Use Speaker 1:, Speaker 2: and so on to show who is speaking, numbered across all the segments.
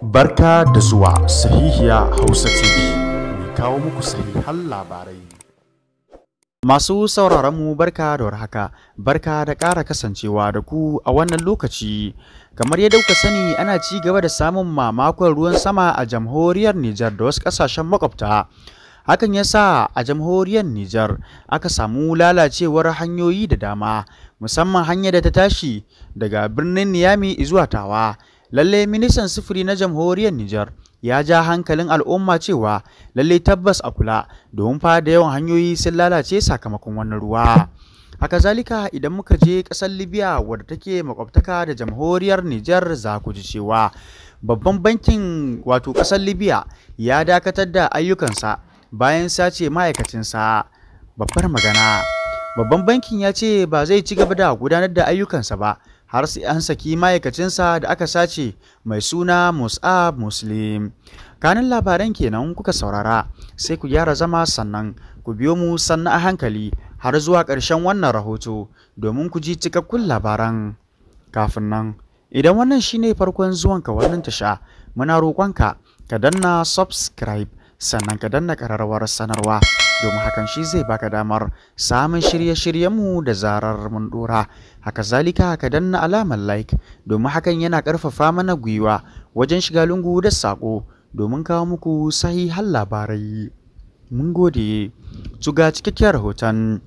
Speaker 1: Barka da zuwa sahihiya Hausa TV, mai kawo muku sahihan labarai. Masu sauraronmu barka da warhaka, barka da ƙara kasancewa da ku a wannan lokaci. Kamar yadda kuka sani ana ci gaba da samun mamakon ruwan sama a jamhuriyar Nijar da wasu ƙasashen makwabta. Hakan ya sa a jamhuriyar Nijar aka samu lalacewar hanyoyi da dama, musamman hanyar da ta tashi daga birnin Niyami zuwa Tawa. Lalle ministan sufuri na jamhuriyar Nijar ya ja hankalin al'umma cewa lalle tabbas a kula domin fa da yawan hanyoyi sun lalace sakamakon wannan ruwa. Haka zalika idan muka je ƙasar Libya wadda take makwabtaka da jamhuriyar Nijar za ku ji cewa babban bankin wato ƙasar Libya ya dakatar da ayyukansa bayan sace ma'aikacinsa babbar magana. Babban bankin ya ce ba zai ci gaba da gudanar da ayyukansa ba har sai an saki ma'aikacinsa da aka sace mai suna mus'ab muslim kanin labaran kenan kuka saurara sai ku gyara zama sannan ku biyo mu sannan a hankali har zuwa ƙarshen wannan rahoto domin ku ji cikakkun labaran kafin nan idan wannan shine farkon zuwanka wannan tasha muna roƙonka ka danna subscribe sannan ka danna ƙararrawar sanarwa domin hakan shi zai baka damar samun shirye-shiryenmu da zarar mun dora haka zalika haka danna alamar like domin hakan yana ƙarfafa mana gwiwa wajen shiga lungu da saƙo domin kawo muku sahihan labarai mun gode tuga cikakkiyar rahoton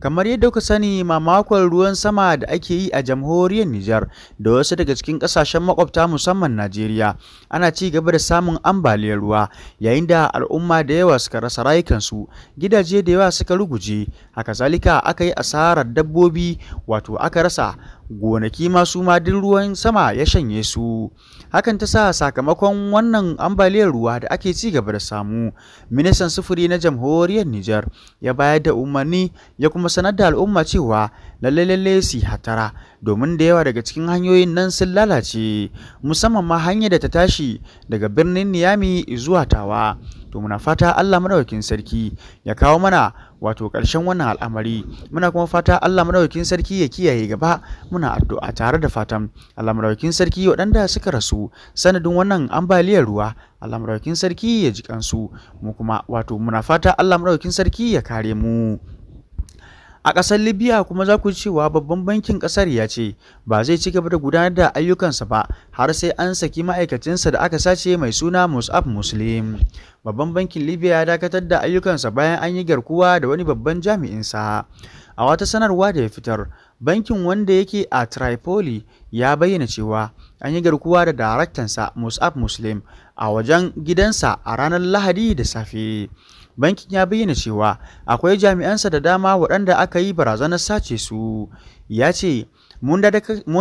Speaker 1: Kamar yadda kuka sani mamakon ruwan sama da ake yi a jamhuriyar Nijar da wasu daga cikin kasashen makwabta musamman Najeriya ana ci gaba da samun ambaliyar ruwa yayin da al'umma da yawa suka rasa rayukansu gidaje da yawa suka ruguje haka zalika aka yi asarar dabbobi wato aka rasa gonaki masu ma duk ruwan sama ya shanye su hakan ta sa sakamakon wannan ambaliyar ruwa da ake ci gaba da samu ministan sufuri na jamhuriyar Nijar ya bayar da umarni ya kuma sanar da al'umma cewa lalle lalle su hatara domin da yawa daga cikin hanyoyin nan sun lalace musamman ma hanya da ta tashi daga birnin Niyami zuwa Tawa to muna fata Allah madaukakin sarki ya kawo mana wato ƙarshen wannan al'amari muna kuma fata Allah madaukakin sarki ya kiyaye gaba muna addu'a tare da fatan Allah madaukakin sarki waɗanda suka rasu sanadin wannan ambaliyar ruwa Allah madaukakin sarki ya ji kansu mu kuma wato muna fata Allah madaukakin sarki ya kare mu A ƙasar Libya kuma za ku ji cewa babban bankin ƙasar ya ce ba zai ci gaba da gudanar da ayyukansa ba har sai an saki ma'aikacinsa da aka sace mai suna Mus'ab Muslim. Babban bankin Libya ya dakatar da ayyukansa bayan an yi garkuwa da wani babban jami'insa. A wata sanarwa da ya fitar, bankin wanda yake a Tripoli ya bayyana cewa an yi garkuwa da daraktansa Mus'ab Muslim a wajen gidansa a ranar Lahadi da safe. bankin ya bayyana cewa akwai jami'ansa da dama waɗanda aka yi barazanar sace su ya ce mun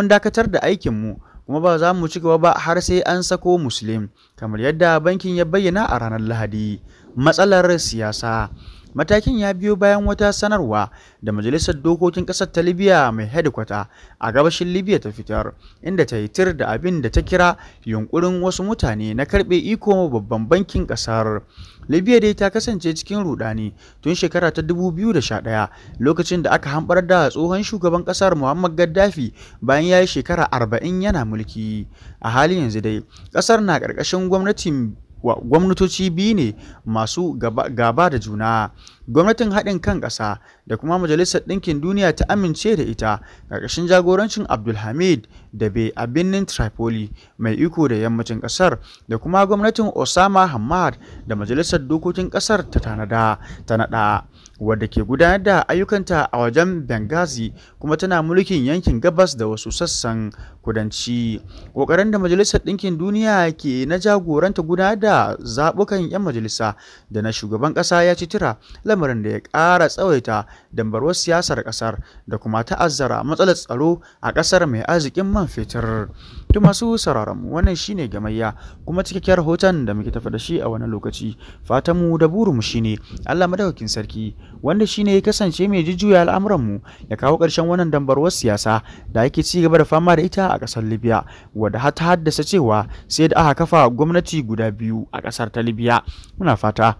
Speaker 1: dakatar da aikinmu kuma ba za mu ci gaba ba har sai an sako muslim kamar yadda bankin ya bayyana a ranar lahadi matsalar siyasa Matakin ya biyo bayan wata sanarwa da Majalisar Dokokin Ƙasar ta Libya mai hedikwata a gabashin Libya ta fitar, inda ta yi tir da abin da ta kira yunkurin wasu mutane na karɓe iko babban bankin ƙasar. Libya dai ta kasance cikin rudani tun shekara ta 2011 lokacin da aka hambar da tsohon shugaban ƙasar Muhammad Gaddafi bayan ya yi shekara 40 yana mulki. A halin yanzu dai, ƙasar na ƙarƙashin gwamnatin gwamnatoci biyu ne masu gaba da juna gwamnatin haɗin kan ƙasa da kuma majalisar ɗinkin duniya ta amince da ita ƙarƙashin jagorancin abdulhamid da bai a birnin tripoli mai iko da yammacin ƙasar da kuma gwamnatin osama hamad da majalisar dokokin ƙasar ta tanada ta naɗa wadda ke gudanar da ayyukanta a wajen benghazi kuma tana mulkin yankin gabas da wasu sassan kudanci ƙoƙarin da majalisar ɗinkin duniya ke na jagoranta gudanar da da zaɓukan 'yan majalisa da na shugaban ƙasa ya ci tira lamarin da ya ƙara tsawaita dambarwar siyasar ƙasar da kuma ta'azzara matsalar tsaro a ƙasar mai arzikin man fetur. To masu sauraron wannan shine gamayya kuma cikakkiyar rahoton da muke tafi da shi a wani lokaci. Fatanmu da burinmu shine Allah madaukakin sarki wanda shine ya kasance mai jujjuya mu ya kawo ƙarshen wannan dambarwar siyasa da ake ci gaba da fama da ita a kasar libya wadda har ta haddasa cewa sai da aka kafa gwamnati guda biyu a ƙasar ta libya muna fata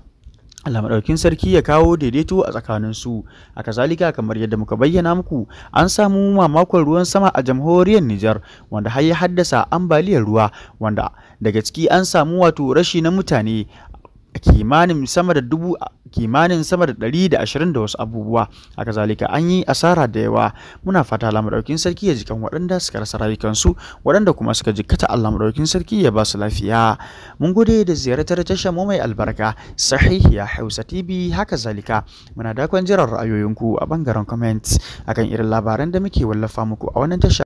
Speaker 1: Allah maɗaukin sarki ya kawo daidaito a tsakanin su a kazalika kamar yadda muka bayyana muku an samu mamakon ruwan sama a jamhuriyar Nijar wanda har ya haddasa ambaliyar ruwa wanda daga ciki an samu wato rashi na mutane kimanin sama da dubu kimanin sama da ɗari da ashirin da wasu abubuwa haka zalika an yi asara da yawa muna fata Allah sarki ya jikan waɗanda suka rasa rayukansu waɗanda kuma suka jikkata Allah madaukakin sarki ya ba su lafiya mun gode da ziyartar tashar mu mai albarka sahihiya Hausa TV haka zalika muna dakon jiran ra'ayoyinku a bangaren Comments, akan irin labaran da muke wallafa muku a wannan tasha